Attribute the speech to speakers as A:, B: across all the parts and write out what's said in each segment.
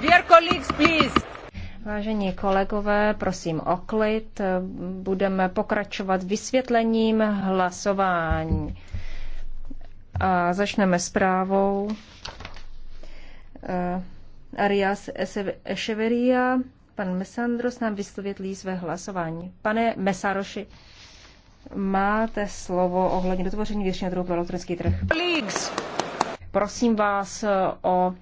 A: Dear colleagues, please. Vážení kolegové, prosím o klid. Budeme pokračovat vysvětlením hlasování. A začneme zprávou eh, Arias Echeveria. Pan Mesandros nám vysvětlí své hlasování. Pane Mesaroši, máte slovo ohledně dotvoření většiny druhu pro elektronický trh. Prosím vás o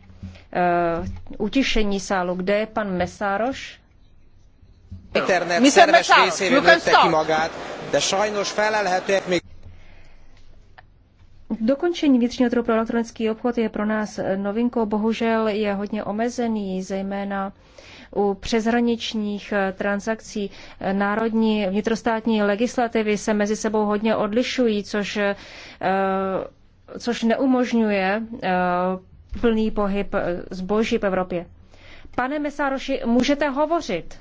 A: Eh, utišení sálu. Kde je pan Mesároš?
B: Mr. szerves részévé magát, de sajnos felelhetőek még...
A: Dokončení vnitřního trhu pro elektronický obchod je pro nás novinkou, bohužel je hodně omezený, zejména u přeshraničních eh, transakcí národní vnitrostátní legislativy se mezi sebou hodně odlišují, což, eh, což neumožňuje plný pohyb eh, zboží v Evropě. Pane Mesároši, můžete hovořit?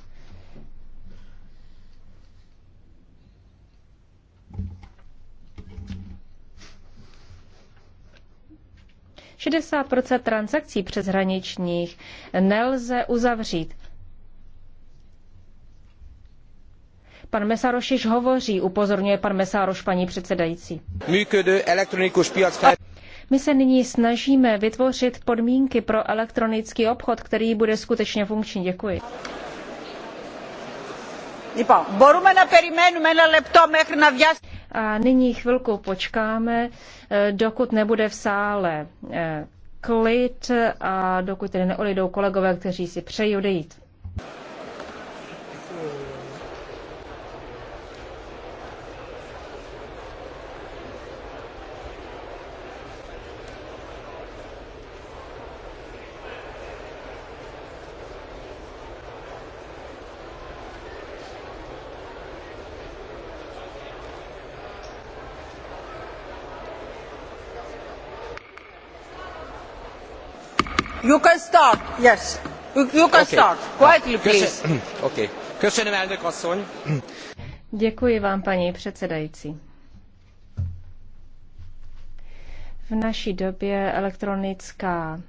A: Šedesát procent transakcí přeshraničních nelze uzavřít. Pan Mesároš již hovoří, upozorňuje pan Mesaroš, paní předsedající.
B: Működő elektronikus piac fel...
A: My se nyní snažíme vytvořit podmínky pro elektronický obchod, který bude skutečně funkční. Děkuji. A nyní chvilku počkáme, eh, dokud nebude v sále eh, klid a dokud tedy neodejdou kolegové, kteří si přejí odejít. You can start, yes. You, can okay. start. Quietly, please.
B: Okay. Köszönöm, elnök asszony.
A: Děkuji vám, paní předsedající. V naší době elektronická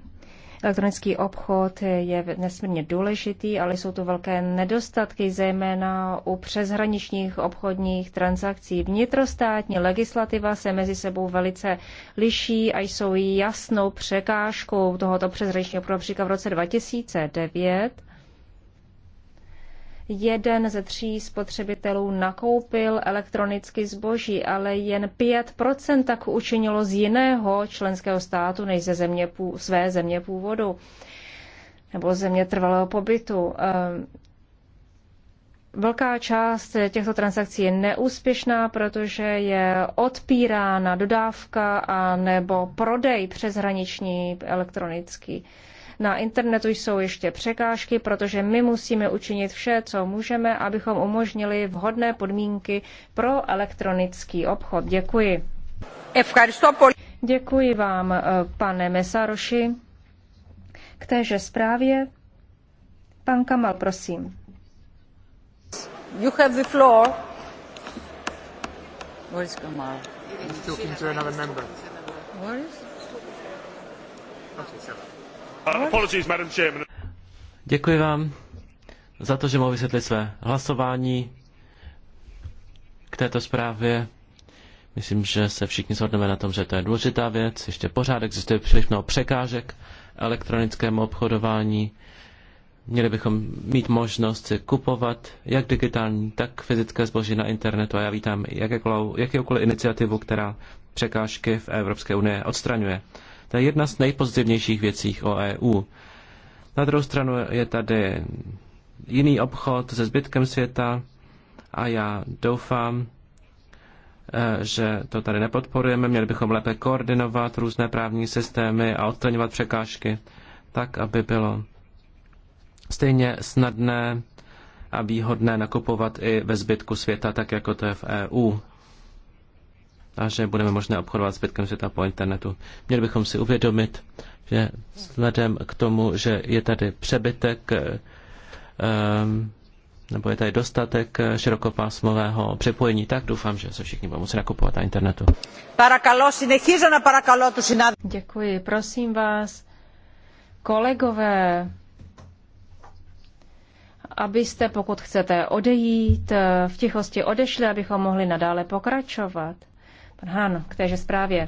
A: Elektronický obchod je nesmírně důležitý, ale jsou tu velké nedostatky, zejména u přeshraničních obchodních transakcí. Vnitrostátní legislativa se mezi sebou velice liší a jsou jasnou překážkou tohoto přeshraničního obchodu. Například v roce 2009 jeden ze tří spotřebitelů nakoupil elektronicky zboží, ale jen 5% tak učinilo z jiného členského státu než ze země, své země původu nebo země trvalého pobytu. Ehm, velká část těchto transakcí je neúspěšná, protože je odpírána dodávka a nebo prodej přeshraniční elektronický na internetu jsou ještě překážky, protože my musíme učinit vše, co můžeme, abychom umožnili vhodné podmínky pro elektronický obchod. Děkuji. Děkuji vám, eh, pane Mesaroši. K téže zprávě. Pan Kamal, prosím. You have the floor.
C: Where is Kamal? He's talking to another member. Where is? Okay, so. Uh,
D: Děkuji vám za to, že mohu vysvětlit své hlasování k této zprávě. Myslím, že se všichni shodneme na tom, že to je důležitá věc. Ještě pořád existuje příliš mnoho překážek elektronickému obchodování. Měli bychom mít možnost si kupovat jak digitální, tak fyzické zboží na internetu a já vítám jakékoliv, iniciativu, která překážky v Evropské unii odstraňuje. To je jedna z nejpozitivnějších věcí o EU. Na druhou stranu je tady jiný obchod se zbytkem světa a já doufám, eh, že to tady nepodporujeme. Měli bychom lépe koordinovat různé právní systémy a odstraňovat překážky tak, aby bylo stejně snadné a výhodné nakupovat i ve zbytku světa, tak jako to je v EU a že budeme možné obchodovat s zbytkem světa po internetu. Měli bychom si uvědomit, že vzhledem k tomu, že je tady přebytek eh, nebo je tady dostatek eh, širokopásmového připojení, tak doufám, že se všichni budou moci nakupovat na internetu.
A: Děkuji, prosím vás, kolegové, abyste, pokud chcete odejít, eh, v tichosti odešli, abychom mohli nadále pokračovat pan k téže zprávě.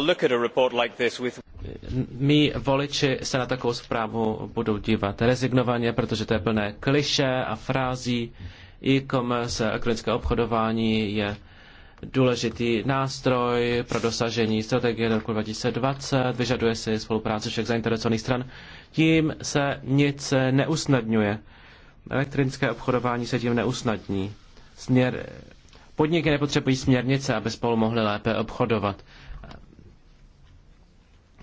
D: Mí voliči se na takovou zprávu budou dívat rezignovaně, protože to je plné kliše a frází. E-commerce, elektronické obchodování je důležitý nástroj pro dosažení strategie do roku 2020, vyžaduje si spolupráci všech zainteresovaných stran. Tím se nic neusnadňuje. Elektronické obchodování se tím neusnadní. Směr Podniky nepotřebují směrnice, aby spolu mohly lépe obchodovat.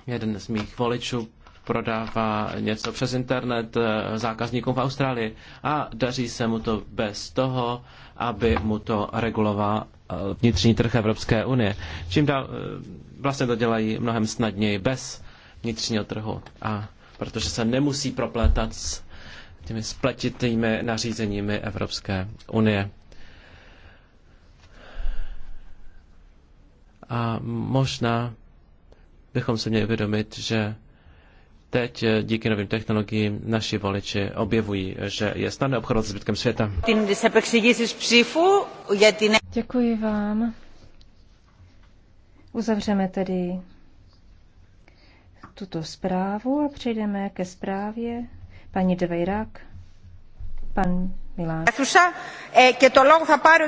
D: Jeden z mých voličů prodává něco přes internet zákazníkům v Austrálii a daří se mu to bez toho, aby mu to reguloval vnitřní trh Evropské unie. Čím dál vlastně to dělají mnohem snadněji bez vnitřního trhu a protože se nemusí proplétat s těmi spletitými nařízeními Evropské unie. A možná bychom se měli uvědomit, že teď eh, díky novým technologiím naši voliči objevují, že je snadné obchodovat s zbytkem světa.
A: Děkuji vám. Uzavřeme tedy tuto zprávu a přejdeme ke zprávě paní Dvejrak, pan Milán. Atusa, eh, και το λόγο θα πάρει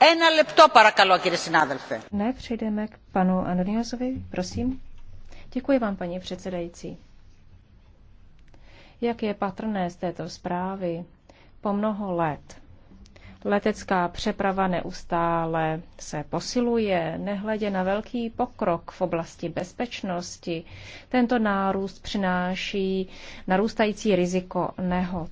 A: Ένα λεπτό παρακαλώ, κύριε συνάδελφε. Ne, přejdeme k panu Anoniosovi, prosím. Děkuji vám, paní předsedající. Jak je patrné z této zprávy, po mnoho let letecká přeprava neustále se posiluje, nehledě na velký pokrok v oblasti bezpečnosti. Tento nárůst přináší narůstající riziko nehod.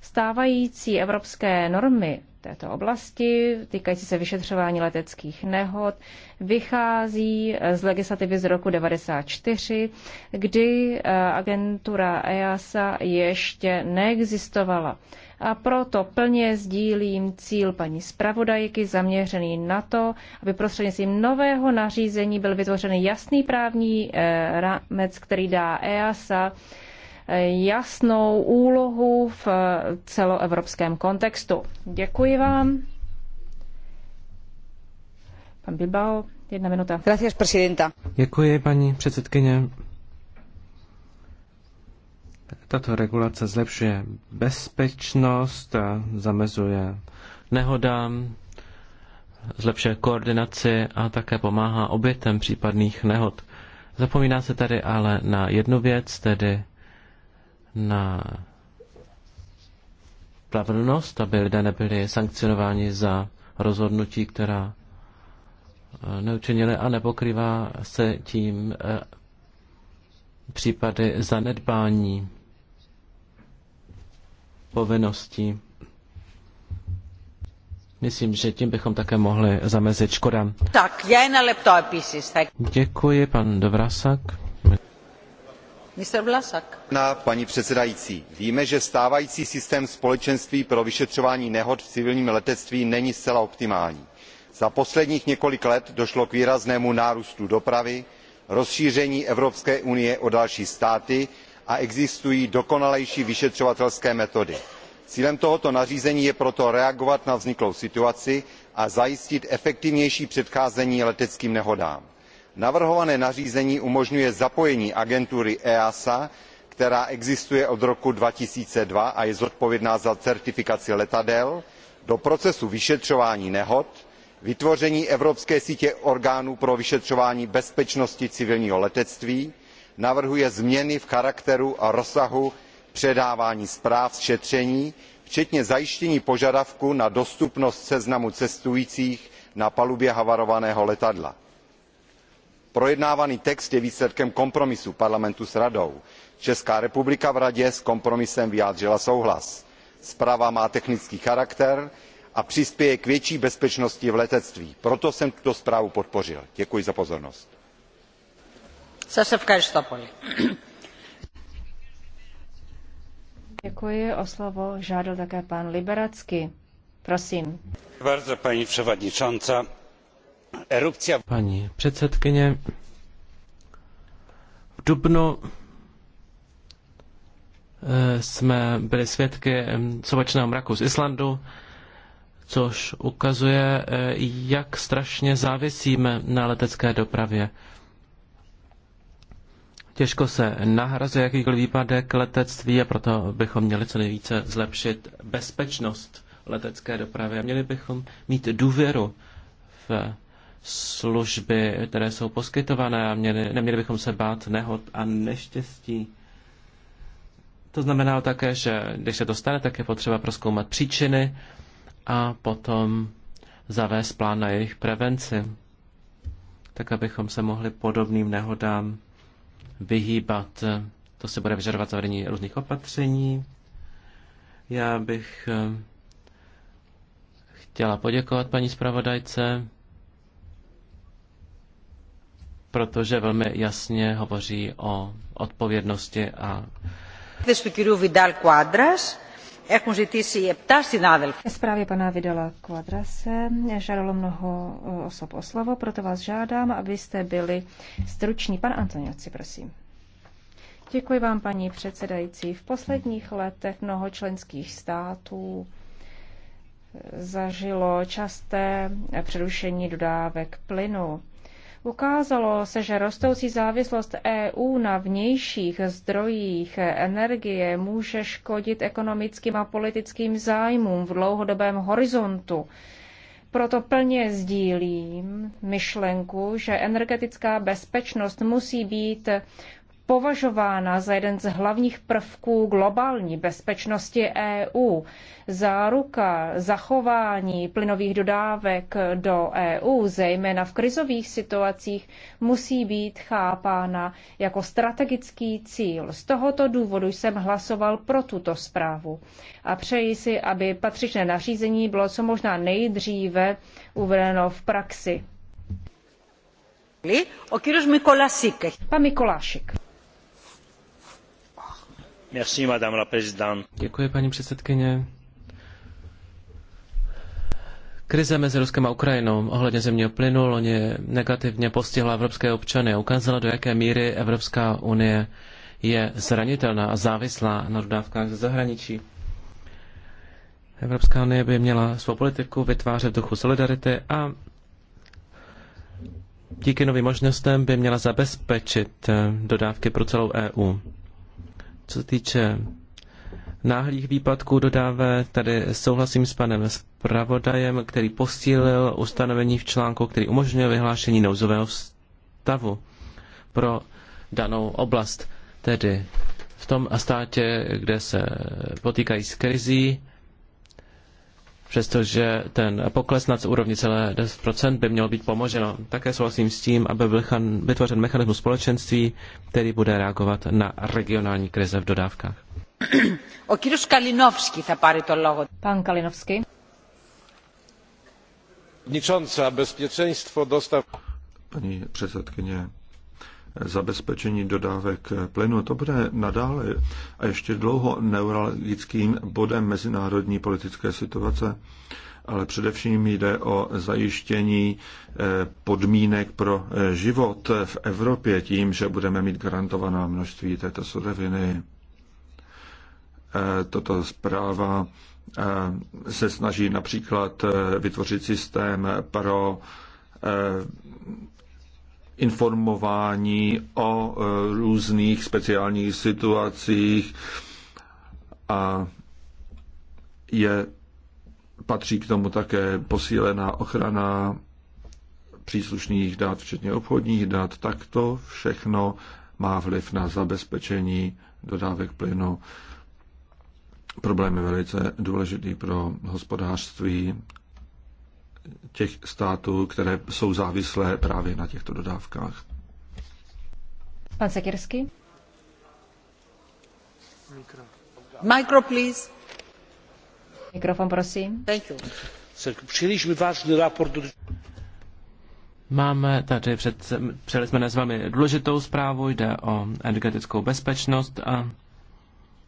A: Stávající evropské normy této oblasti, týkající se vyšetřování leteckých nehod, vychází eh, z legislativy z roku 1994, kdy eh, agentura EASA ještě neexistovala. A proto plně sdílím cíl paní zpravodajky zaměřený na to, aby prostřednictvím nového nařízení byl vytvořen jasný právní eh, rámec, který dá EASA jasnou úlohu v celoevropském kontextu. Děkuji vám. Pan Bilbao, jedna minuta. Gracias, presidenta.
D: Děkuji, paní předsedkyně. Tato regulace zlepšuje bezpečnost, zamezuje nehodám, zlepšuje koordinaci a také pomáhá obětem případných nehod. Zapomíná se tady ale na jednu věc, tedy na spravedlnost, aby lidé nebyli sankcionováni za rozhodnutí, která eh, neučinili a nepokrývá se tím eh, případy zanedbání povinností. Myslím, že tím bychom také mohli zamezit škodám.
A: Tak, já na
D: Děkuji, pan Dobrasak
B: paní předsedající víme že stávající systém společenství pro vyšetřování nehod v civilním letectví není zcela optimální. za posledních několik let došlo k výraznému nárůstu dopravy rozšíření evropské unie o další státy a existují dokonalejší vyšetřovatelské metody. cílem tohoto nařízení je proto reagovat na vzniklou situaci a zajistit efektivnější předcházení leteckým nehodám navrhované nařízení umožňuje zapojení agentury easa která existuje od roku two thousand and two a je zodpovědná za certifikaci letadel do procesu vyšetřování nehod vytvoření evropské sítě orgánů pro vyšetřování bezpečnosti civilního letectví navrhuje změny v charakteru a rozsahu předávání zpráv z šetření včetně zajištění požadavku na dostupnost seznamu cestujících na palubě havarovaného letadla projednávaný text je výsledkem kompromisu parlamentu s radou. česká republika v radě s kompromisem vyjádřila souhlas. zpráva má technický charakter a přispěje k větší bezpečnosti v letectví. proto jsem tuto zprávu podpořil. děkuji za pozornost.
A: Děkuji. O žádal také pan Prosím.
D: Paní předsedkyně, v Dubnu eh, jsme byli svědky eh, sobačného mraku z Islandu, což ukazuje, eh, jak strašně závisíme na letecké dopravě. Těžko se nahrazuje jakýkoliv výpadek letectví a proto bychom měli co nejvíce zlepšit bezpečnost letecké dopravy. Měli bychom mít důvěru v služby, které jsou poskytované a měli, neměli bychom se bát nehod a neštěstí. To znamená také, že když se to stane, tak je potřeba proskoumat příčiny a potom zavést plán na jejich prevenci, tak abychom se mohli podobným nehodám vyhýbat. To se bude vyžadovat zavedení různých opatření. Já bych eh, chtěla poděkovat paní zpravodajce protože velmi jasně hovoří o odpovědnosti a
A: jako ve zprávě pana Vidala Quadrase žádalo mnoho eh, osob o slovo, proto vás žádám, abyste byli struční. Pan Antonioci, prosím. Děkuji vám, paní předsedající. V posledních letech mnoho členských států eh, zažilo časté přerušení dodávek plynu Ukázalo se, že rostoucí závislost EU na vnějších zdrojích energie může škodit ekonomickým a politickým zájmům v dlouhodobém horizontu. Proto plně sdílím myšlenku, že energetická bezpečnost musí být považována za jeden z hlavních prvků globální bezpečnosti EU. Záruka zachování plynových dodávek do EU, zejména v krizových situacích, musí být chápána jako strategický cíl. Z tohoto důvodu jsem hlasoval pro tuto zprávu a přeji si, aby patřičné nařízení bylo co možná nejdříve uvedeno v praxi. Pan Mikolášik la
D: paní předsedkyně. Krize mezi Ruskem a Ukrajinou ohledně zemního plynu loni negativně postihla evropské občany a ukázala, do jaké míry Evropská unie je zranitelná a závislá na dodávkách ze zahraničí. Evropská unie by měla svou politiku vytvářet v duchu solidarity a díky novým možnostem by měla zabezpečit dodávky pro celou EU. Co se týče náhlých výpadků dodávek, tady souhlasím s panem zpravodajem, který posílil ustanovení v článku, který umožňuje vyhlášení nouzového stavu pro danou oblast, tedy v tom státě, kde se potýkají s krizí, přestože ten pokles nad úrovni celé 10% by měl být pomoženo. Také souhlasím s tím, aby byl vytvořen mechanismus společenství, který bude reagovat na regionální krize v dodávkách.
A: O kýros Kalinovský θα πάρει το Pan Kalinovský.
B: Nicząca Paní předsedkyně,
C: zabezpečení dodávek plynu. To bude nadále a ještě dlouho neurologickým bodem mezinárodní politické situace, ale především jde o zajištění eh, podmínek pro eh, život v Evropě tím, že budeme mít garantovaná množství této suroviny. Eh, toto zpráva se snaží například vytvořit systém pro informování o e, různých speciálních situacích a je, patří k tomu také posílená ochrana příslušných dát, včetně obchodních dát, tak to všechno má vliv na zabezpečení dodávek plynu. Problém je velice důležitý pro hospodářství těch států, které jsou závislé právě na těchto dodávkách.
D: Pan
A: Sekirsky. Mikro. please. Mikrofon, prosím. Thank you.
D: Přijeliśmy vážný raport Máme tady před, přijeli jsme s vámi důležitou zprávu, jde o energetickou bezpečnost a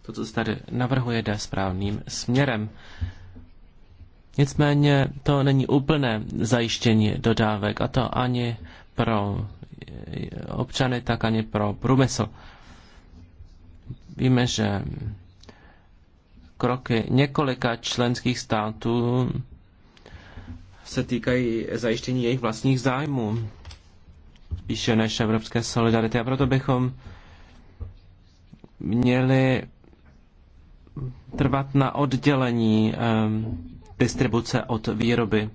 D: to, co se tady navrhuje, jde správným směrem. Nicméně to není úplné zajištění dodávek a to ani pro občany, tak ani pro průmysl. Víme, že kroky několika členských států se týkají zajištění jejich vlastních zájmů, spíše než evropské solidarity. A proto bychom měli trvat na oddělení ehm, distribuce od výroby.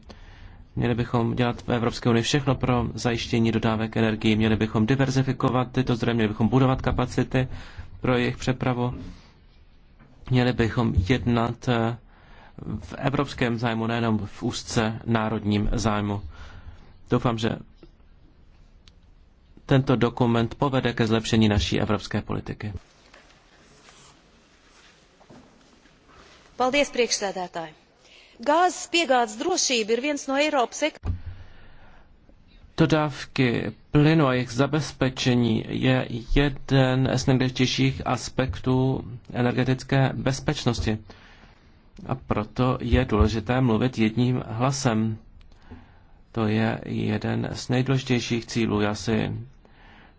D: Měli bychom dělat v Evropské unii všechno pro zajištění dodávek energii, měli bychom diverzifikovat tyto zdroje, měli bychom budovat kapacity pro jejich přepravu, měli bychom jednat eh, v evropském zájmu, nejenom v úzce národním zájmu. Doufám, že tento dokument povede ke zlepšení naší evropské politiky.
A: Paldies, priekšsēdētāji! Gāzes piegādes drošība ir viens no Eiropas
D: Dodávky plynu a jejich zabezpečení je jeden z nejdůležitějších aspektů energetické bezpečnosti. A proto je důležité mluvit jedním hlasem. To je jeden z nejdůležitějších cílů. Já si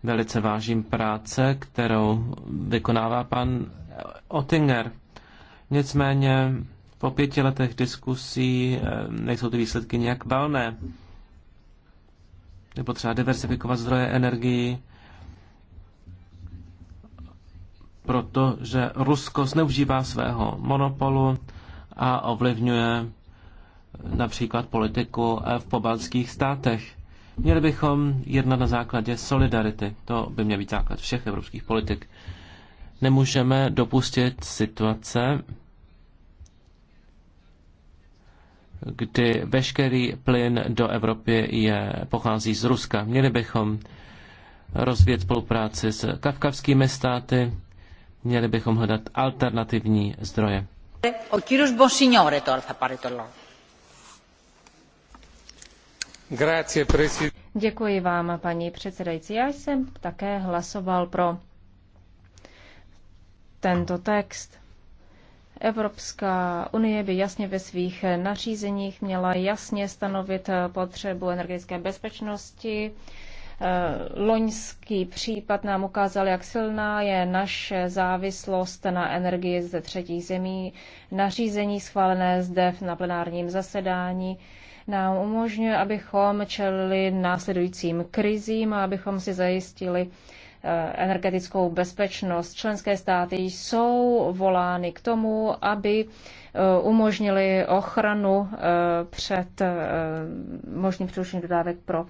D: velice vážím práce, kterou vykonává pan Ottinger. Nicméně po pěti letech diskusí eh, nejsou ty výsledky nějak balné. Je potřeba diversifikovat zdroje energii, protože Rusko zneužívá svého monopolu a ovlivňuje například politiku eh, v pobaltských státech. Měli bychom jednat na základě solidarity. To by měl být základ všech evropských politik. Nemůžeme dopustit situace, kdy veškerý plyn do Evropy je, pochází z Ruska. Měli bychom rozvíjet spolupráci s kavkavskými státy, měli bychom hledat alternativní zdroje.
A: O Děkuji vám, paní předsedající. Já jsem také hlasoval pro tento text. Evropská unie by jasně ve svých nařízeních měla jasně stanovit potřebu energetické bezpečnosti. Eh, loňský případ nám ukázal, jak silná je naše závislost na energii ze třetích zemí. Nařízení schválené zde na plenárním zasedání nám umožňuje, abychom čelili následujícím krizím a abychom si zajistili Eh, energetickou bezpečnost. Členské státy jsou volány k tomu, aby eh, umožnili ochranu eh, před možným přerušením dodávek pro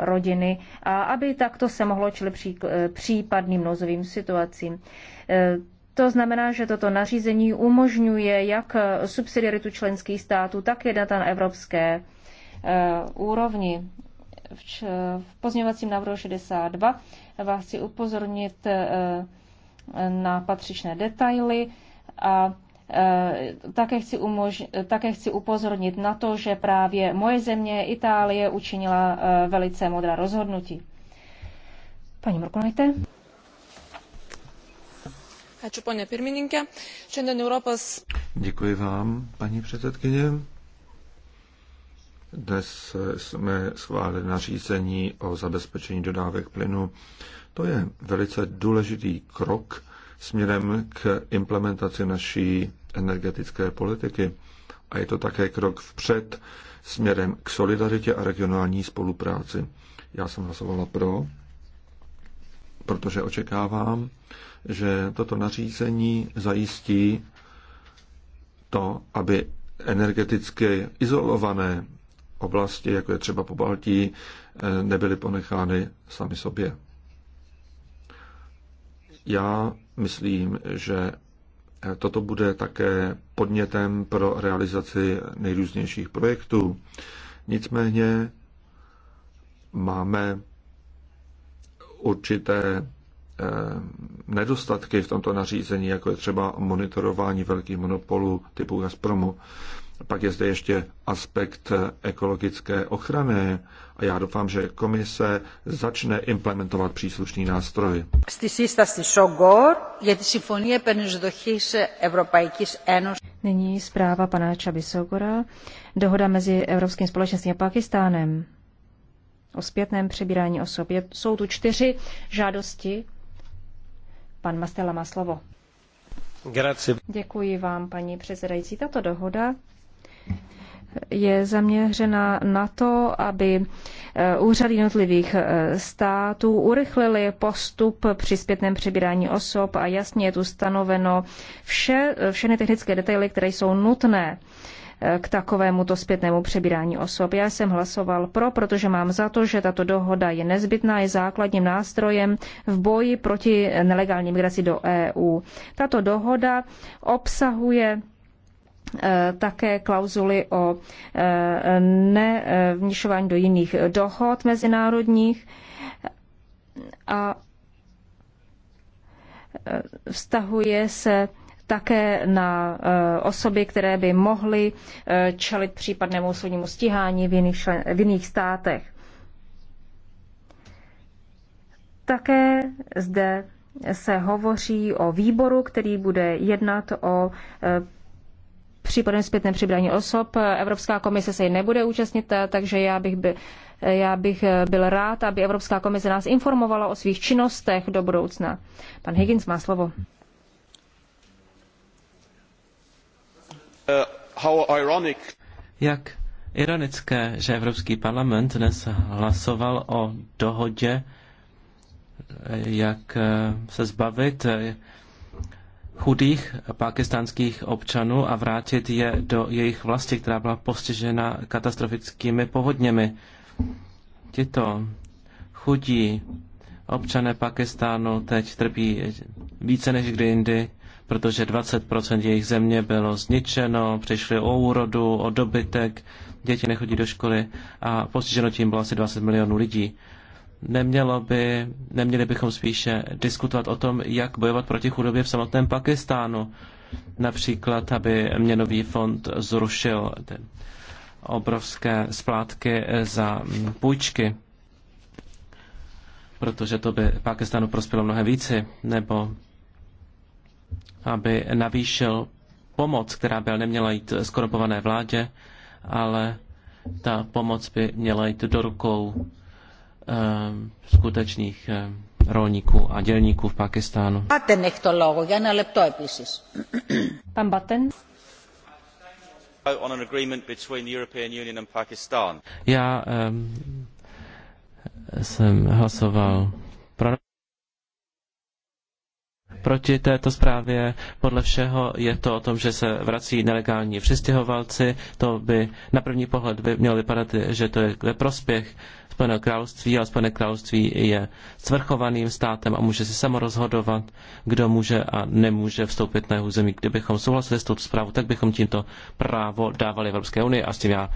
A: rodiny a aby takto se mohlo čili případným nouzovým situacím. To znamená, že toto nařízení umožňuje jak subsidiaritu členských států, tak i na evropské úrovni. V, v pozměňovacím návrhu 62 vás chci upozornit eh, na patřičné detaily a eh, také chci, umož- také chci upozornit na to, že právě moje země Itálie učinila eh, velice modrá rozhodnutí. Paní Murkonajte.
C: Děkuji vám, paní předsedkyně. Dnes jsme schválili nařízení o zabezpečení dodávek plynu. To je velice důležitý krok směrem k implementaci naší energetické politiky. A je to také krok vpřed směrem k solidaritě a regionální spolupráci. Já jsem hlasovala pro, protože očekávám, že toto nařízení zajistí to, aby energeticky izolované oblasti, jako je třeba po Baltí, eh, nebyly ponechány sami sobě. Já myslím, že eh, toto bude také podnětem pro realizaci nejrůznějších projektů. Nicméně máme určité eh, nedostatky v tomto nařízení, jako je třeba monitorování velkých monopolů typu Gazpromu. Pak je zde ještě aspekt ekologické ochrany a já doufám, že komise začne implementovat příslušný nástroj.
A: Nyní zpráva pana Čaby Sogora. Dohoda mezi Evropským společenstvím a Pakistánem o zpětném přebírání osob. jsou tu čtyři žádosti. Pan Mastela má slovo. Děkuji vám, paní předsedající. Tato dohoda je zaměřena na to, aby eh, úřady jednotlivých eh, států urychlili postup při zpětném přebírání osob a jasně je tu stanoveno vše, všechny technické detaily, které jsou nutné eh, k takovému to zpětnému přebírání osob. Já jsem hlasoval pro, protože mám za to, že tato dohoda je nezbytná, je základním nástrojem v boji proti nelegální migraci do EU. Tato dohoda obsahuje Eh, také klauzuly o eh, nevnišování do jiných dohod mezinárodních a eh, vztahuje se také na osoby, které by mohly čelit případnému soudnímu stíhání v jiných, člen, v jiných státech. Také zde se hovoří o výboru, který bude jednat o případem zpětném přibrání osob. Evropská komise se ji nebude účastnit, takže já bych, by, já bych byl rád, aby Evropská komise nás informovala o svých činnostech do budoucna. Pan Higgins má slovo.
D: Uh, jak ironické, že Evropský parlament dnes hlasoval o dohodě, jak eh, se zbavit eh, chudých pakistánských občanů a vrátit je do jejich vlasti, která byla postižena katastrofickými povodněmi. Tito chudí občané Pakistánu teď trpí více než kdy jindy, protože 20% jejich země bylo zničeno, přišli o úrodu, o dobytek, děti nechodí do školy a postiženo tím bylo asi 20 milionů lidí. Nemělo by, neměli bychom spíše diskutovat o tom, jak bojovat proti chudobě v samotném Pakistánu. Například, aby měnový fond zrušil ty obrovské splátky za mm, půjčky, protože to by Pakistánu prospělo mnohem více, nebo aby navýšil pomoc, která by neměla jít skorupované vládě, ale ta pomoc by měla jít do rukou Eh, skutečných eh, rolníků a dělníků v Pakistánu.
A: Baten έχει to λόγο για ένα λεπτό επίσης. Pan
D: Baten. On an agreement between the European Union and Pakistan. Já um, jsem hlasoval pro proti této zprávě. Podle všeho je to o tom, že se vrací nelegální přistěhovalci. To by na první pohled by mělo vypadat, že to je ve prospěch uh, Spojeného království, ale Spojené království je svrchovaným státem a může si samo rozhodovat, kdo může a nemůže vstoupit na jeho zemi. Kdybychom souhlasili s touto zprávou, tak bychom tímto právo dávali Evropské unii a s tím já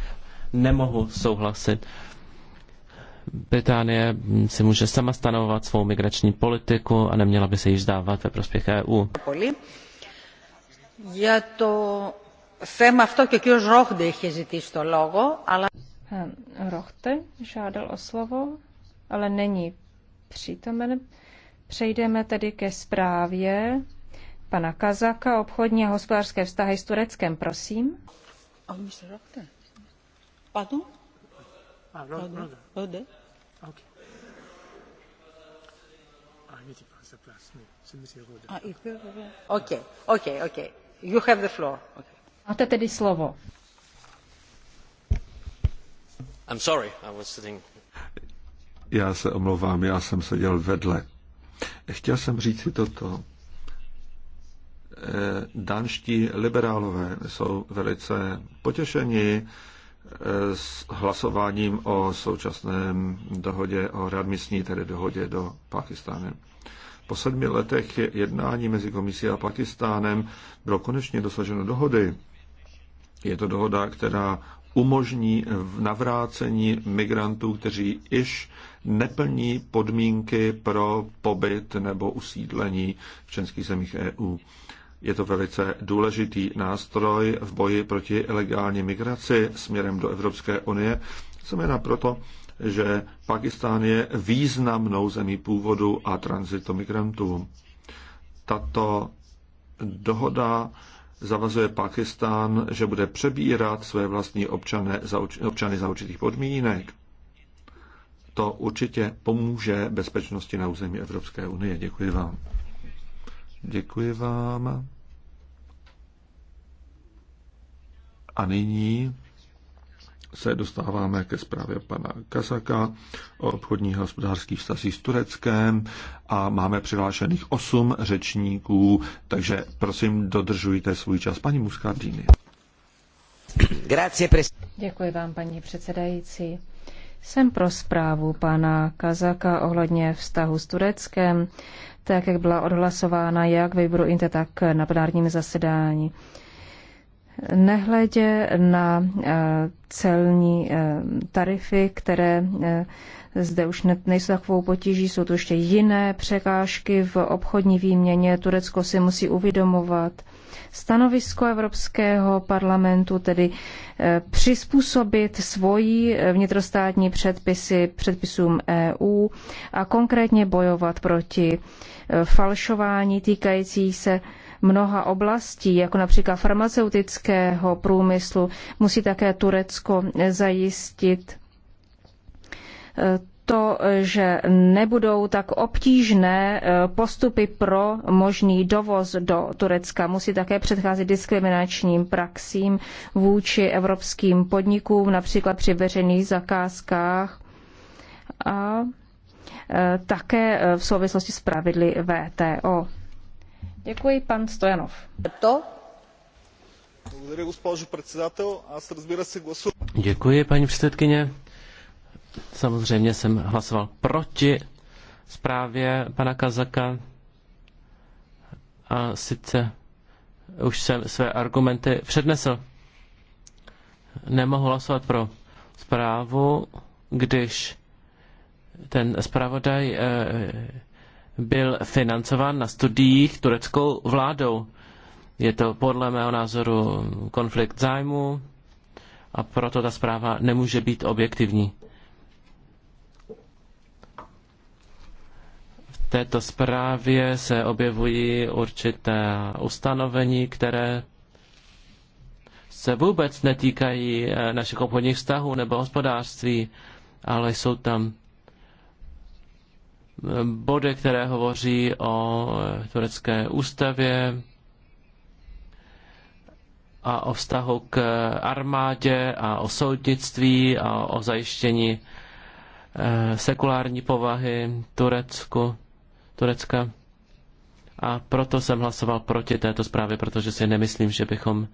D: nemohu souhlasit. Británie si může sama stanovovat svou migrační politiku a neměla by se již dávat ve prospěch EU.
A: Já to θέμα αυτό και ο κύριος Ρόχντε είχε ζητήσει το λόγο, αλλά... Eh, Rochte žádal o slovo, ale není přítomen. Přejdeme tedy ke zprávě pana Kazaka, obchodní a hospodářské vztahy s Tureckem, prosím. Ah Pardon? Ah, Pardon? Pardon?
B: Ah, okay. Okay,
A: okay, okay. You have the floor. Okay. Máte tedy slovo.
D: I'm sorry, I was sitting...
C: Já se omlouvám, já jsem seděl vedle. Chtěl jsem říct si toto. Eh, dánští liberálové jsou velice potěšeni eh, s hlasováním o současném dohodě o readmisní, tedy dohodě do Pakistánu. Po sedmi letech jednání mezi komisí a Pakistánem bylo konečně dosaženo dohody. Je to dohoda, která umožní navrácení migrantů, kteří již neplní podmínky pro pobyt nebo usídlení v členských zemích EU. Je to velice důležitý nástroj v boji proti ilegální migraci směrem do Evropské unie, zejména proto, že Pakistán je významnou zemí původu a tranzitu migrantů. Tato dohoda zavazuje Pakistán, že bude přebírat své vlastní občany za, občany za určitých podmínek. To určitě pomůže bezpečnosti na území Evropské unie. Děkuji vám. Děkuji vám. A nyní se dostáváme ke zprávě pana Kazaka, o obchodních a hospodářských vztazích s Tureckem a máme přihlášených osm řečníků, takže prosím dodržujte svůj čas. Paní Muscardini.
A: Děkuji vám, paní předsedající. Jsem pro zprávu pana Kazaka ohledně vztahu s Tureckem, tak jak byla odhlasována jak ve výboru Inte, tak na plenárním zasedání. Nehledě na eh, celní eh, tarify, které eh, zde už nejsou takovou potíží, jsou to ještě jiné překážky v obchodní výměně. Turecko si musí uvědomovat stanovisko Evropského parlamentu, tedy přizpůsobit svoji vnitrostátní předpisy předpisům EU a konkrétně bojovat proti falšování týkající se mnoha oblastí, jako například farmaceutického průmyslu. Musí také Turecko zajistit eh, to, že nebudou tak obtížné eh, postupy pro možný dovoz do Turecka. Musí také předcházet diskriminačním praxím vůči evropským podnikům, například při veřejných zakázkách a eh, také v souvislosti s pravidly VTO. Děkuji, pan Stojanov.
C: To?
D: Děkuji, paní předsedkyně. Samozřejmě jsem hlasoval proti zprávě pana Kazaka. A sice už jsem své argumenty přednesl. Nemohu hlasovat pro zprávu, když ten zpravodaj eh, byl financován na studiích tureckou vládou. Je to podle mého názoru konflikt zájmu a proto ta zpráva nemůže být objektivní. V této zprávě se objevují určité ustanovení, které se vůbec netýkají eh, našich obchodních vztahů nebo hospodářství, ale jsou tam body, které hovoří o turecké ústavě a o vztahu k armádě a o soudnictví a o zajištění eh, sekulární povahy Turecku, Turecka. A proto jsem hlasoval proti této zprávě, protože si nemyslím, že bychom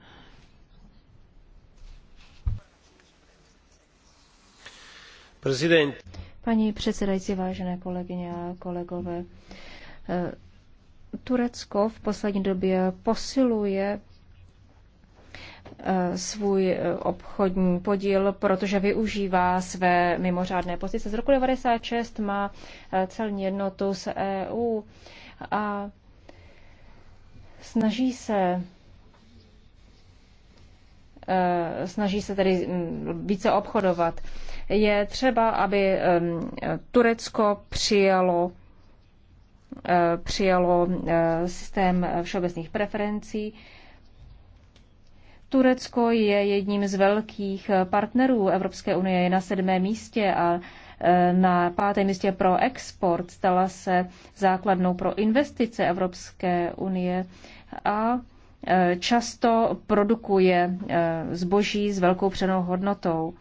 D: Prezident.
A: Paní předsedající, vážené kolegyně a kolegové, eh, Turecko v poslední době posiluje eh, svůj eh, obchodní podíl, protože využívá své mimořádné pozice. Z roku 1996 má celní jednotu s EU a snaží se snaží se tedy mm, více obchodovat. Je třeba, aby Turecko přijalo eh, přijalo eh, systém všeobecných preferencí. Turecko je jedním z velkých partnerů Evropské unie, je na sedmém místě a eh, na pátém místě pro export stala se základnou pro investice Evropské unie a často produkuje zboží s velkou přenou hodnotou.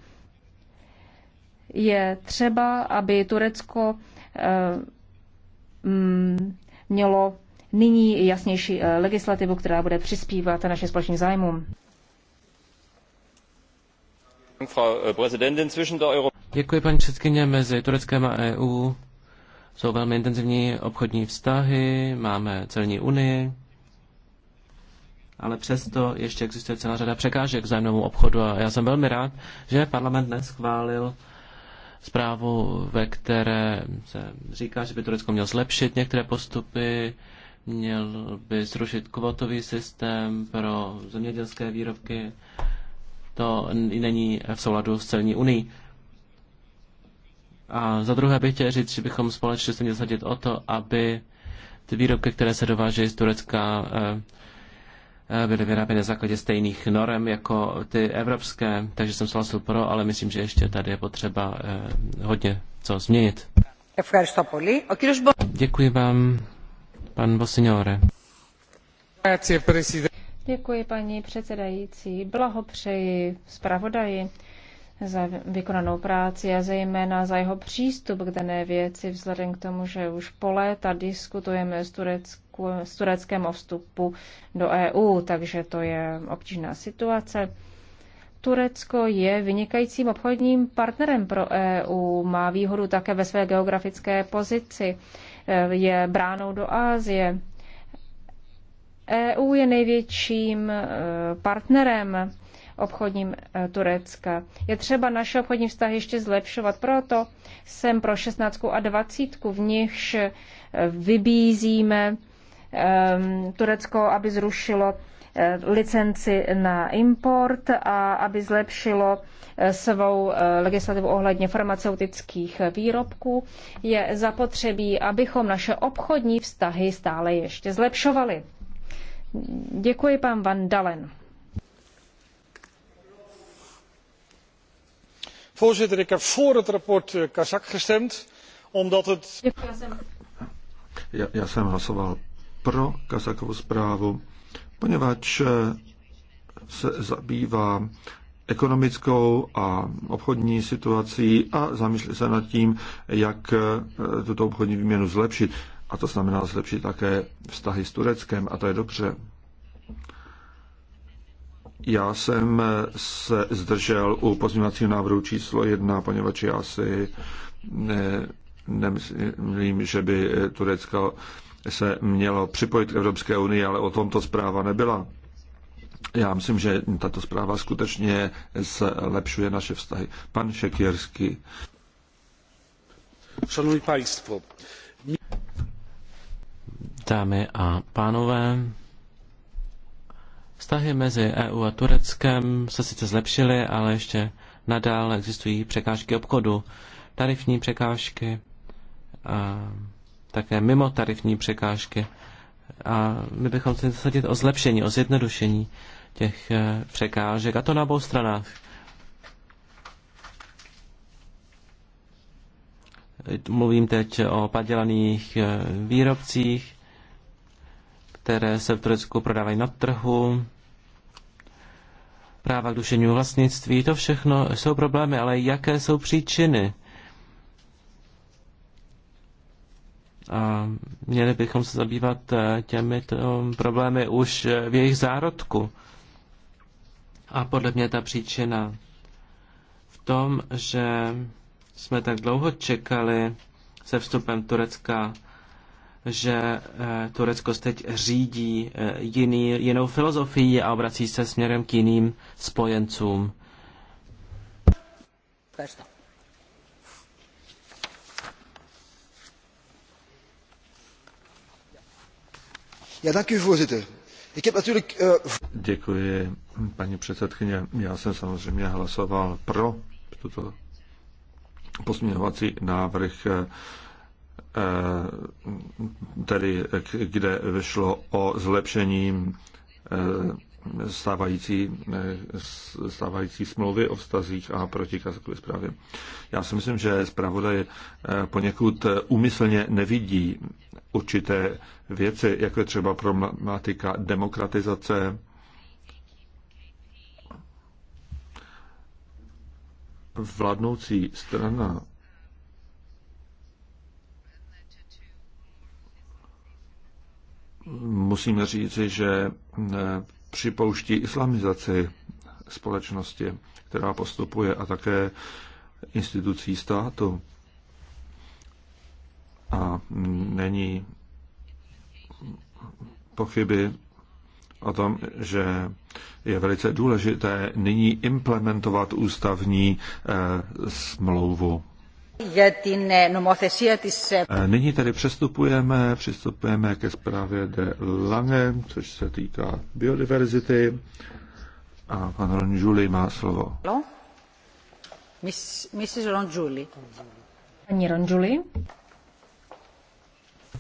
A: Je třeba, aby Turecko eh, mm, mělo nyní jasnější eh, legislativu, která bude přispívat naše společným
D: zájmům. Eh, Děkuji, paní předsedkyně. Mezi Tureckem a EU jsou velmi intenzivní obchodní vztahy, máme celní unii, ale přesto ještě existuje celá řada překážek vzájemnému obchodu a já jsem velmi rád, že parlament dnes schválil zprávu, ve které se říká, že by Turecko mělo zlepšit některé postupy, měl by zrušit kvotový systém pro zemědělské výrobky. To není v souladu s celní unii. A za druhé bych chtěl říct, že bychom společně se měli zasadit o to, aby ty výrobky, které se dovážejí z Turecka, eh, Eh, byly vyráběny na základě stejných norem jako ty evropské, takže jsem hlasil pro, ale myslím, že ještě tady je potřeba eh, hodně co změnit. Děkuji vám, pan Bosignore.
A: Děkuji, paní předsedající. Blahopřeji zpravodaji za vykonanou práci a zejména za jeho přístup k dané věci, vzhledem k tomu, že už po léta diskutujeme s Tureckem z s vstupu do EU, takže to je obtížná situace. Turecko je vynikajícím obchodním partnerem pro EU, má výhodu také ve své geografické pozici, eh, je bránou do Ázie. EU je největším eh, partnerem obchodním eh, Turecka. Je třeba naše obchodní vztahy ještě zlepšovat, proto jsem pro 16 a 20, v nichž vybízíme Ehm, Turecko, aby zrušilo eh, licenci na import a aby zlepšilo eh, svou eh, legislativu ohledně farmaceutických výrobků, je zapotřebí, abychom naše obchodní vztahy stále ještě zlepšovali. Děkuji pan Van Dalen.
C: Voorzitter, ik heb voor het rapport Kazak gestemd, omdat het... Já, já ja, ja, pro kazakovou zprávu, poněvadž se zabývá ekonomickou a obchodní situací a zamýšlí se nad tím, jak eh, tuto obchodní výměnu zlepšit. A to znamená zlepšit také vztahy s Tureckem a to je dobře. Já jsem eh, se zdržel u pozměňovacího návrhu číslo jedna, poněvadž já si ne, eh, nemyslím, že by Turecko se mělo připojit k Evropské unii, ale o tomto zpráva nebyla. Já myslím, že tato zpráva skutečně zlepšuje naše vztahy. Pan Šekierský.
D: Szanowni Państwo. Dámy a pánové, vztahy mezi EU a Tureckem se sice zlepšily, ale ještě nadále existují překážky obchodu, tarifní překážky, a také mimo tarifní překážky. A my bychom chtěli zasadit o zlepšení, o zjednodušení těch eh, překážek, a to na obou stranách. Mluvím teď o padělaných eh, výrobcích, které se v Turecku prodávají na trhu, práva k dušení vlastnictví, to všechno jsou problémy, ale jaké jsou příčiny? A měli bychom se zabývat eh, těmi eh, problémy už eh, v jejich zárodku. A podle mě ta příčina v tom, že jsme tak dlouho čekali se vstupem Turecka, že Turecko teď řídí jiný, jinou filozofii a obrací se směrem k jiným spojencům.
C: Přesto. Eh, Děkuji, paní předsedkyně. Já jsem samozřejmě hlasoval pro tuto pozměňovací návrh, eh, eh, tedy kde vyšlo o zlepšení stávající, stávající smlouvy o vztazích a proti zprávě. Já si myslím, že zpravodaj poněkud úmyslně nevidí určité věci, jako je třeba problematika demokratizace, vládnoucí strana musíme říci, že eh, připouští islamizaci společnosti, která postupuje a také institucí státu. A není pochyby o tom, že je velice důležité nyní implementovat ústavní eh, smlouvu. Eh, eh, nyní tedy přestupujeme, přistupujeme ke zprávě de Lange, což se týká biodiverzity. A pan Ronjuli má slovo.
A: Miss, Mrs. Ronjuli. Paní Ronjuli.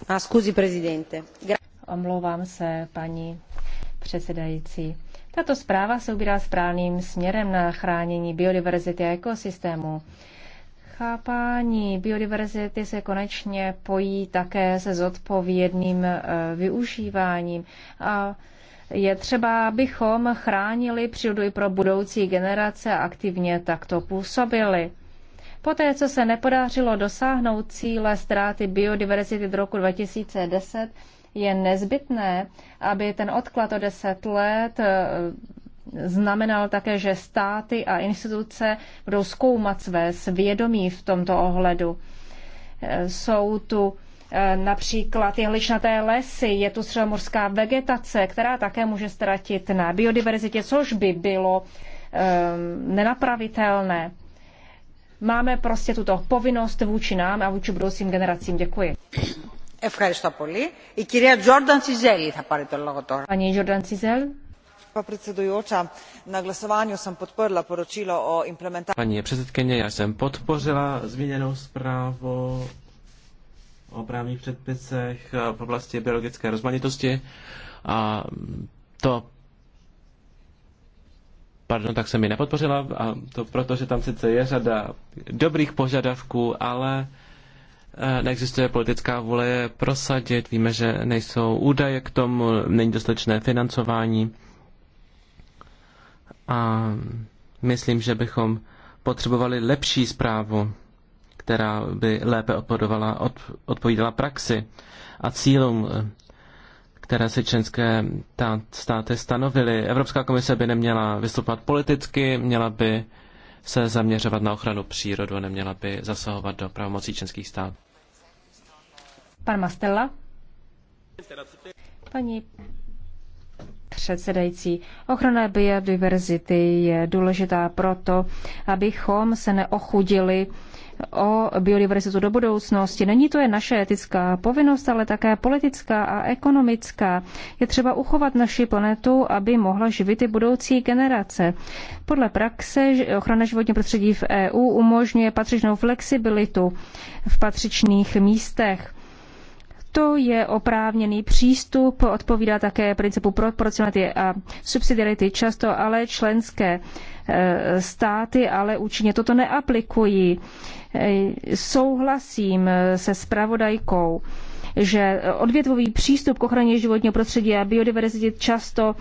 A: Ah, prezidente. se, Tato zpráva se ubírá správným směrem na chránění biodiverzity a ekosystému. Chápání biodiverzity se konečně pojí také se zodpovědným eh, využíváním a je třeba, abychom chránili přírodu i pro budoucí generace a aktivně takto působili. Poté, co se nepodařilo dosáhnout cíle ztráty biodiverzity do roku 2010, je nezbytné, aby ten odklad o 10 let eh, znamenal také, že státy a instituce budou zkoumat své svědomí v tomto ohledu. Eh, jsou tu eh, například jehličnaté lesy, je tu středomorská vegetace, která také může ztratit na biodiverzitě, což by bylo um, nenapravitelné. Máme prostě tuto povinnost vůči nám a vůči budoucím generacím. Děkuji. Ευχαριστώ πολύ. Η κυρία Τζόρνταν θα πάρει το λόγο τώρα. Pani Jordan Cizel.
D: Paní předsedkyně, já jsem podpořila zmíněnou zprávu o právních předpisech v oblasti biologické rozmanitosti a to pardon, tak se mi nepodpořila, a to proto, že tam sice je řada dobrých požadavků, ale eh, neexistuje politická vůle je prosadit, víme, že nejsou údaje k tomu, není dostatečné financování. A myslím, že bychom potřebovali lepší zprávu, která by lépe odpovídala, odpovídala praxi a cílům eh, které si členské státy stanovily. Evropská komise by neměla vystupovat politicky, měla by se zaměřovat na ochranu přírodu a neměla by zasahovat do pravomocí členských států.
A: Pan Mastella? Paní předsedající. Ochrana biodiverzity je důležitá proto, abychom se neochudili o biodiverzitu do budoucnosti. Není to je naše etická povinnost, ale také politická a ekonomická. Je třeba uchovat naši planetu, aby mohla živit i budoucí generace. Podle praxe ochrana životního prostředí v EU umožňuje patřičnou flexibilitu v patřičných místech to je oprávněný přístup, odpovídá také principu proporcionality a subsidiarity. Často ale členské eh, státy ale účinně toto neaplikují. Eh, souhlasím eh, se spravodajkou že odvětvový přístup k ochraně životního prostředí a biodiverzity často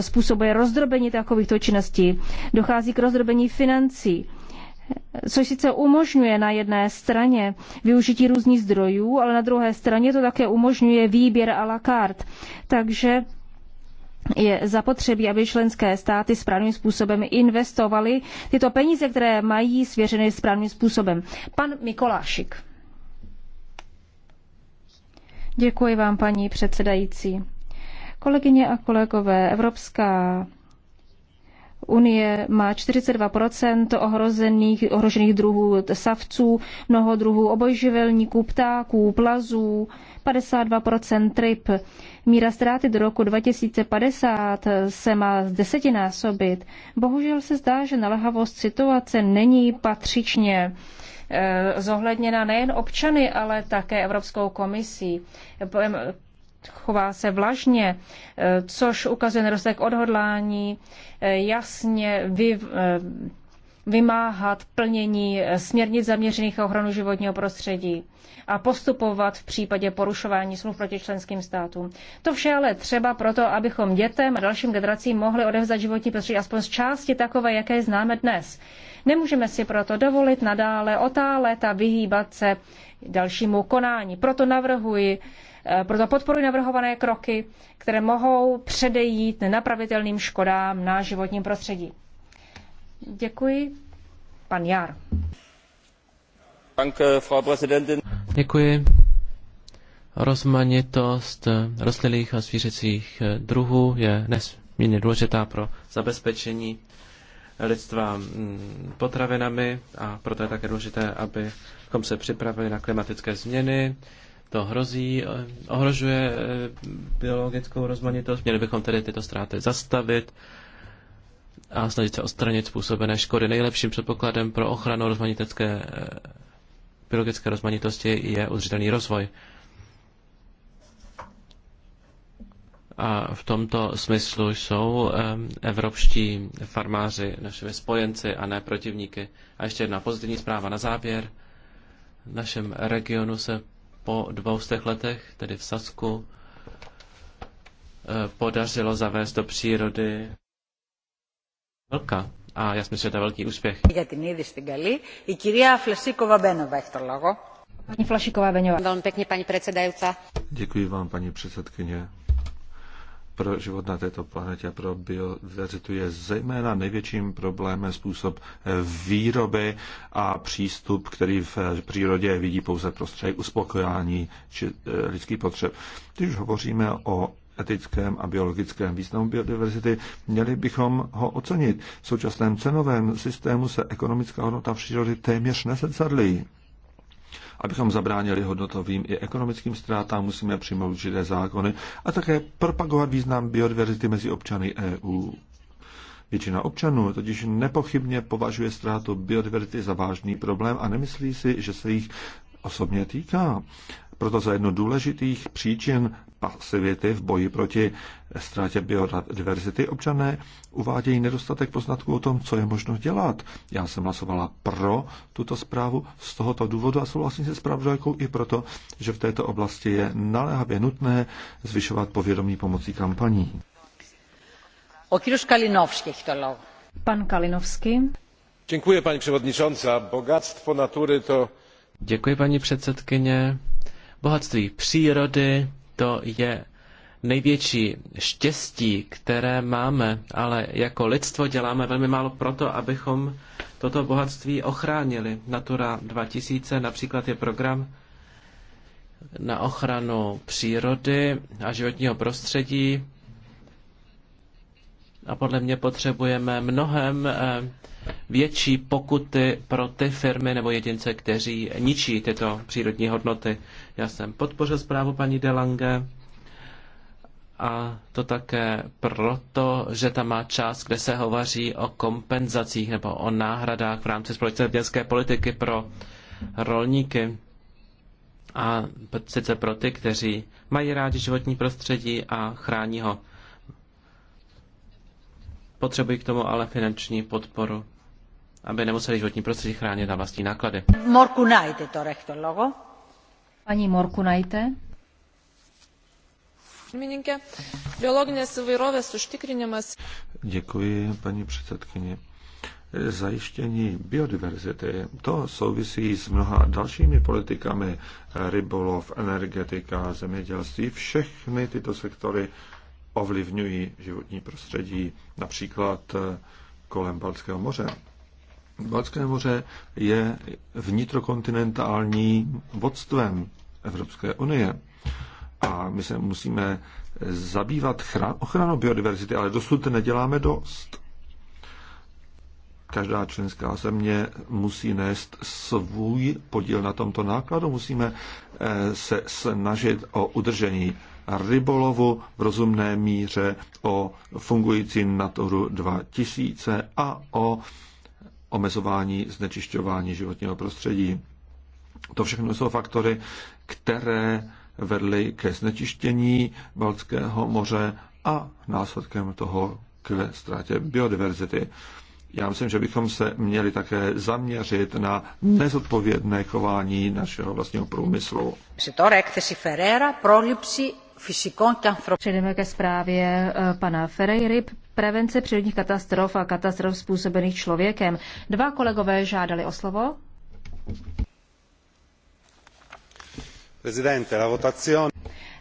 A: způsobuje rozdrobení takovýchto činností. Dochází k rozdrobení financí což sice umožňuje na jedné straně využití různých zdrojů, ale na druhé straně to také umožňuje výběr à la carte. Takže je zapotřebí, aby členské státy správným způsobem investovaly tyto peníze, které mají svěřeny správným způsobem. Pan Mikolášik. Děkuji vám, paní předsedající. Kolegyně a kolegové, Evropská Unie má 42 ohrozených, ohrožených druhů savců, mnoho druhů obojživelníků, ptáků, plazů, 52 ryb. Míra ztráty do roku 2050 se má z desetinásobit. Bohužel se zdá, že naléhavost situace není patřičně eh, zohledněna nejen občany, ale také Evropskou komisí chová se vlažně, eh, což ukazuje nedostatek odhodlání, eh, jasně vy, eh, vymáhat plnění směrnic zaměřených na ochranu životního prostředí a postupovat v případě porušování smluv proti členským státům. To vše ale třeba proto, abychom dětem a dalším generacím mohli odevzdat životní prostředí aspoň z části takové, jaké známe dnes. Nemůžeme si proto dovolit nadále otálet a vyhýbat se dalšímu konání. Proto navrhuji Eh, proto podporuji navrhované kroky, které mohou předejít nenapravitelným škodám na životním prostředí. Děkuji. Pan Jar.
D: Děkuji. Rozmanitost eh, rostlinných a zvířecích eh, druhů je nesmírně důležitá pro zabezpečení lidstva mm, potravinami a proto je také důležité, abychom se připravili na klimatické změny, to hrozí, eh, ohrožuje eh, biologickou rozmanitost. Měli bychom tedy tyto ztráty zastavit a snažit se odstranit způsobené škody. Nejlepším předpokladem pro ochranu rozmanitecké eh, biologické rozmanitosti je udržitelný rozvoj. A v tomto smyslu jsou evropští farmáři našimi spojenci a ne protivníky. A ještě jedna pozitivní zpráva na závěr. V našem regionu se po dvoustech letech, tedy v Sasku, eh, podařilo zavést do přírody velká. A já si myslím, že to je velký úspěch.
A: Paní Flašiková Beňová. Velmi pěkně, paní předsedající.
D: Děkuji vám,
C: paní předsedkyně pro život na této planetě a pro biodiverzitu je zejména největším problémem způsob výroby a přístup, který v přírodě vidí pouze prostředí uspokojání či e, lidských potřeb. Když hovoříme o etickém a biologickém významu biodiverzity, měli bychom ho ocenit. V současném cenovém systému se ekonomická hodnota přírody téměř nesedsadlí. Abychom zabránili hodnotovým i ekonomickým ztrátám, musíme přijmout určité zákony a také propagovat význam biodiverzity mezi občany EU. Většina občanů totiž nepochybně považuje ztrátu biodiverzity za vážný problém a nemyslí si, že se jich osobně týká. Proto za jednu důležitých příčin pasivity v boji proti ztrátě biodiverzity občané uvádějí nedostatek poznatků o tom, co je možno dělat. Já jsem hlasovala pro tuto zprávu z tohoto důvodu a souhlasím se zpravodajkou i proto, že v této oblasti je naléhavě nutné zvyšovat povědomí pomocí kampaní.
A: Pan Kalinovský.
B: Děkuji, paní předsedkyně. Bogactvo natury to...
D: Děkuji, paní předsedkyně bohatství přírody, to je největší štěstí, které máme, ale jako lidstvo děláme velmi málo proto, abychom toto bohatství ochránili. Natura 2000 například je program na ochranu přírody a životního prostředí, a podle mě potřebujeme mnohem eh, větší pokuty pro ty firmy nebo jedince, kteří ničí tyto přírodní hodnoty. Já jsem podpořil zprávu paní Delange a to také proto, že tam má část, kde se hovoří o kompenzacích nebo o náhradách v rámci společné dětské politiky pro rolníky a sice pro ty, kteří mají rádi životní prostředí a chrání ho. Potřebují k tomu ale finanční podporu, aby nemuseli životní prostředí chránit na vlastní náklady.
A: najte to rechto logo. Paní najte.
C: Děkuji, paní předsedkyně. Zajištění biodiverzity, to souvisí s mnoha dalšími politikami, rybolov, energetika, zemědělství, všechny tyto sektory ovlivňují životní prostředí, například eh, kolem Balckého moře. Balcké moře je vnitrokontinentálním vodstvem Evropské unie. A my se musíme zabývat ochranou biodiverzity, ale dosud neděláme dost. Každá členská země musí nést svůj podíl na tomto nákladu. Musíme eh, se snažit o udržení rybolovu v rozumné míře, o fungujícím Naturu 2000 a o omezování znečišťování životního prostředí. To všechno jsou faktory, které vedly ke znečištění Baltského moře a následkem toho k ztrátě biodiverzity. Já myslím, že bychom se měli také zaměřit na nezodpovědné chování našeho vlastního průmyslu.
A: Přejdeme ke zprávě eh, pana Ferreira. Prevence přírodních katastrof a katastrof způsobených člověkem. Dva kolegové žádali o slovo.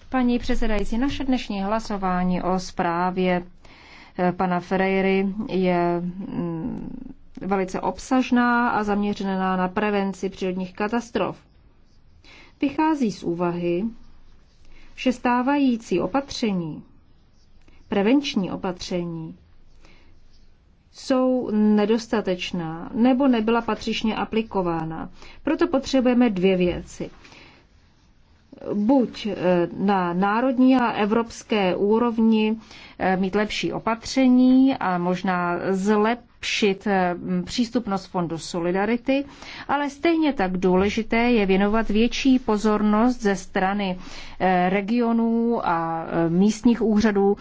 A: Paní předsedající, naše dnešní hlasování o zprávě eh, pana Ferreira je mm, velice obsažná a zaměřená na prevenci přírodních katastrof. Vychází z úvahy, že stávající opatření, prevenční opatření, jsou nedostatečná nebo nebyla patřičně aplikována. Proto potřebujeme dvě věci. Buď eh, na národní a evropské úrovni eh, mít lepší opatření a možná zlep zlepšit eh, přístupnost Fondu Solidarity, ale stejně tak důležité je věnovat větší pozornost ze strany eh, regionů a eh, místních úřadů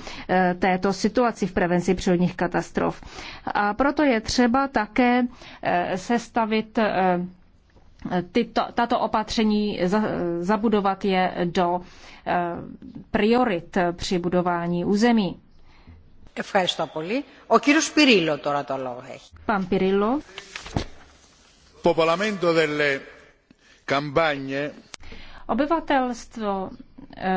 A: této situaci v prevenci přírodních katastrof. A proto je třeba také sestavit tyto, tato opatření zabudovat je do priorit při budování území. Ευχαριστώ πολύ.
B: Popolamento delle campagne.
A: Obyvatelstvo eh,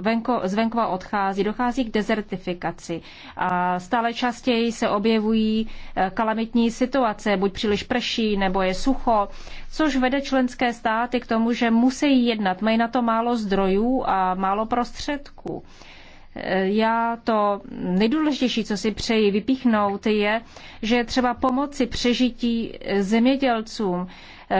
A: venko, z venkova odchází, dochází k dezertifikaci a stále častěji se objevují eh, kalamitní situace, buď příliš prší nebo je sucho, což vede členské státy k tomu, že musí jednat, mají na to málo zdrojů a málo prostředků. Já to nejdůležitější, co si přeji vypíchnout, je, že třeba pomoci přežití zemědělcům,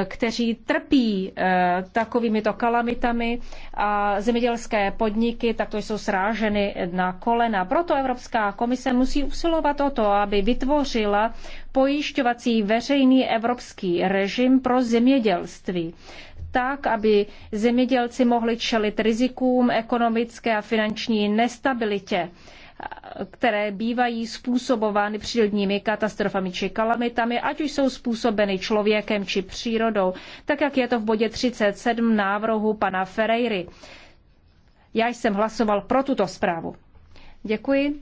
A: kteří trpí eh, takovýmito kalamitami a zemědělské podniky, takto jsou sráženy na kolena. Proto Evropská komise musí usilovat o to, aby vytvořila pojišťovací veřejný evropský režim pro zemědělství tak, aby zemědělci mohli čelit rizikům ekonomické a finanční nestabilitě, které bývají způsobovány přírodními katastrofami či kalamitami, ať už jsou způsobeny člověkem či přírodou, tak jak je to v bodě 37 návrhu pana Ferreiry. Já jsem hlasoval pro tuto zprávu. Děkuji.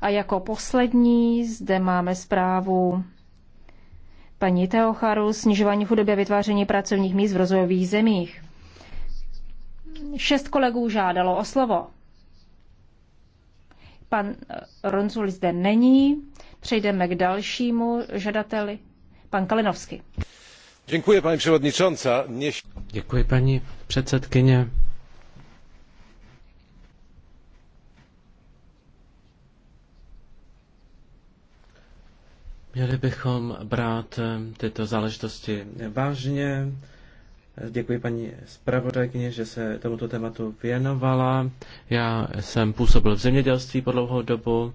A: A jako poslední zde máme zprávu paní Teocharu, snižování chudoby a vytváření pracovních míst v rozvojových zemích. Šest kolegů žádalo o slovo. Pan eh, Ronzul zde není. Přejdeme k dalšímu žadateli. Pan Kalinovský.
B: Děkuji, paní
D: předsedkyně. Měli bychom brát eh, tyto záležitosti vážně. Děkuji paní zpravodajkyně, že se tomuto tématu věnovala. Já jsem působil v zemědělství po dlouhou dobu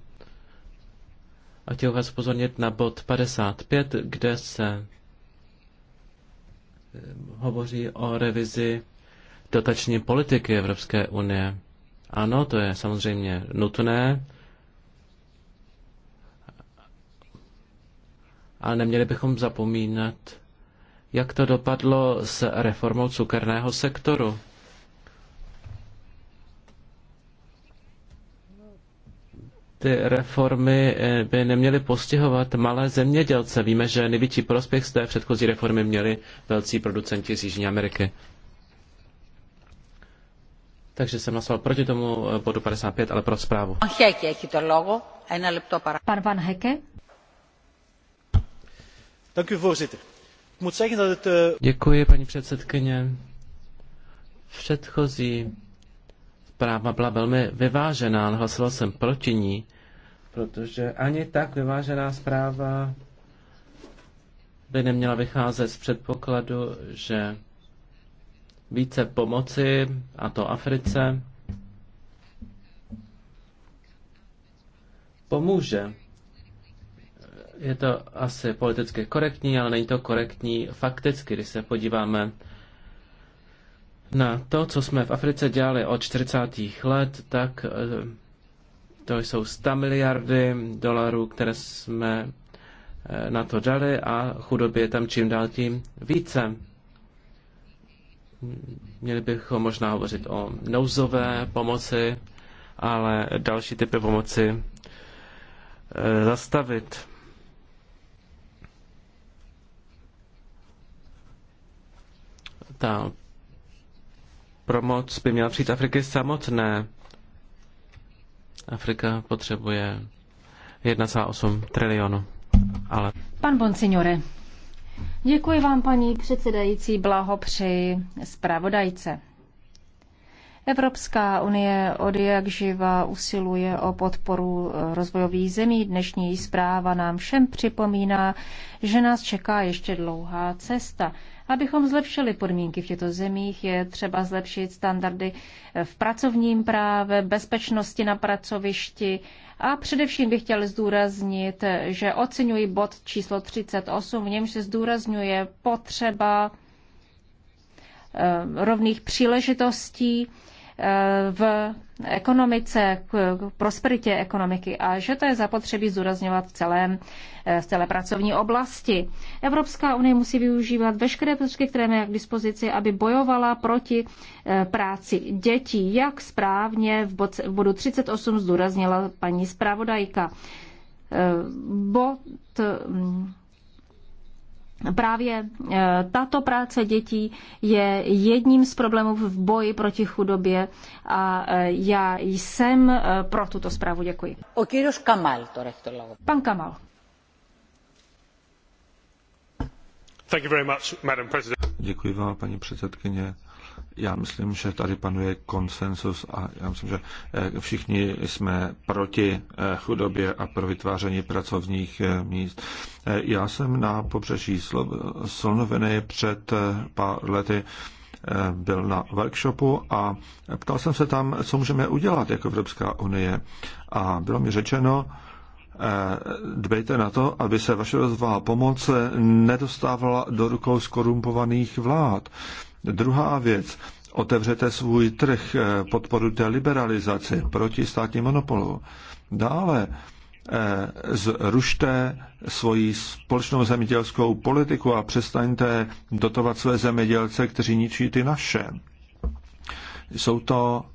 D: a chtěl vás pozornit na bod 55, kde se eh, hovoří o revizi dotační politiky Evropské unie. Ano, to je samozřejmě nutné, ale neměli bychom zapomínat, jak to dopadlo s reformou cukerného sektoru. Ty reformy eh, by neměly postihovat malé zemědělce. Víme, že největší prospěch z té předchozí reformy měli velcí producenti z Jižní Ameriky. Takže jsem nasval proti tomu eh, bodu 55, ale pro zprávu.
A: Pan Van Heke.
D: Eh, Děkuji, paní předsedkyně. Předchozí zpráva byla velmi vyvážená, ale hlasoval jsem proti ní, protože ani tak vyvážená zpráva by neměla vycházet z předpokladu, že více pomoci, a to Africe, pomůže je to asi politicky korektní, ale není to korektní fakticky, když se podíváme na to, co jsme v Africe dělali od 40. let, tak eh, to jsou 100 miliardy dolarů, které jsme eh, na to dali a chudobě je tam čím dál tím více. Měli bychom možná hovořit o nouzové pomoci, ale další typy pomoci eh, zastavit. ta promoc by měla přijít Afriky samotné. Afrika potřebuje 1,8 trilionu. Ale...
A: Pan Bonsignore, děkuji vám, paní předsedající, blahopřeji zpravodajce. Evropská unie od jak živa usiluje o podporu rozvojových zemí. Dnešní zpráva nám všem připomíná, že nás čeká ještě dlouhá cesta. Abychom zlepšili podmínky v těchto zemích, je třeba zlepšit standardy v pracovním práve, bezpečnosti na pracovišti a především bych chtěl zdůraznit, že oceňuji bod číslo 38, v němž se zdůrazňuje potřeba eh, rovných příležitostí Eh, v ekonomice, k prosperitě ekonomiky a že to je zapotřebí zúrazňovat v, celém, eh, v celé pracovní oblasti. Evropská unie musí využívat veškeré prostředky, které má k dispozici, aby bojovala proti eh, práci dětí, jak správně v bodu 38 zdůraznila paní zpravodajka. Bod mm, Právě eh, tato práce dětí je jedním z problémů v boji proti chudobě a eh, já jsem eh, pro tuto zprávu. Děkuji. O Kamal, Pan Kamal.
C: Děkuji vám, paní předsedkyně. Já myslím, že tady panuje konsensus a já myslím, že eh, všichni jsme proti eh, chudobě a pro vytváření pracovních eh, míst. Já jsem na pobřeží Slonoviny před pár lety byl na workshopu a ptal jsem se tam, co můžeme udělat jako Evropská unie. A bylo mi řečeno, dbejte na to, aby se vaše rozvá pomoc nedostávala do rukou skorumpovaných vlád. Druhá věc, otevřete svůj trh, eh, podporujte liberalizaci proti státním monopolu. Dále eh, zrušte svoji společnou zemědělskou politiku a přestaňte dotovat své zemědělce, kteří ničí ty naše. Jsou to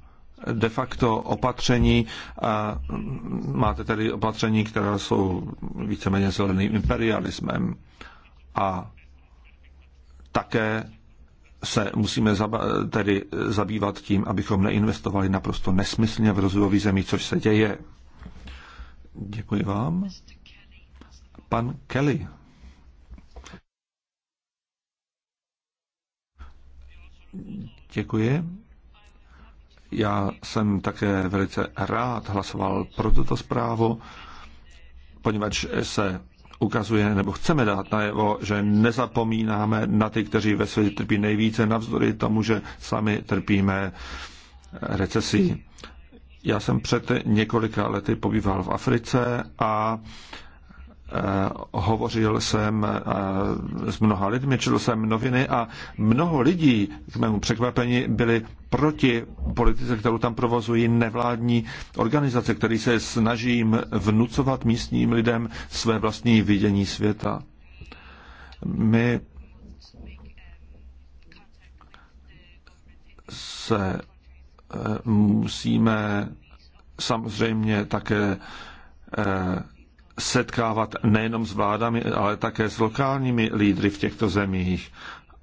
C: de facto opatření, a mm, máte tady opatření, která jsou víceméně zeleným imperialismem a také se musíme zaba, tedy zabývat tím, abychom neinvestovali naprosto nesmyslně v rozvojových zemích, což se děje. Děkuji vám. Pan Kelly. Děkuji. Já jsem také velice rád hlasoval pro tuto zprávu, poněvadž se ukazuje, nebo chceme dát najevo, že nezapomínáme na ty, kteří ve světě trpí nejvíce, navzdory tomu, že sami trpíme recesí. Já jsem před několika lety pobýval v Africe a Eh, hovořil jsem eh, s mnoha lidmi, četl jsem noviny a mnoho lidí, k mému překvapení, byli proti politice, kterou tam provozují nevládní organizace, které se snaží vnucovat místním lidem své vlastní vidění světa. My se eh, musíme samozřejmě také setkávat nejenom s vládami, ale také s lokálními lídry v těchto zemích.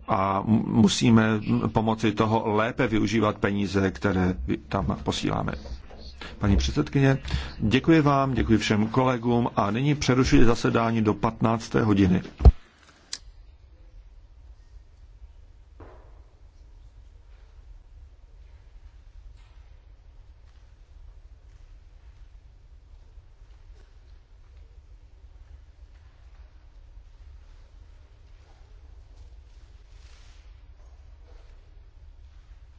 C: A musíme pomoci toho lépe využívat peníze, které tam posíláme. Paní předsedkyně, děkuji vám, děkuji všem kolegům a nyní přerušuji zasedání do 15. hodiny.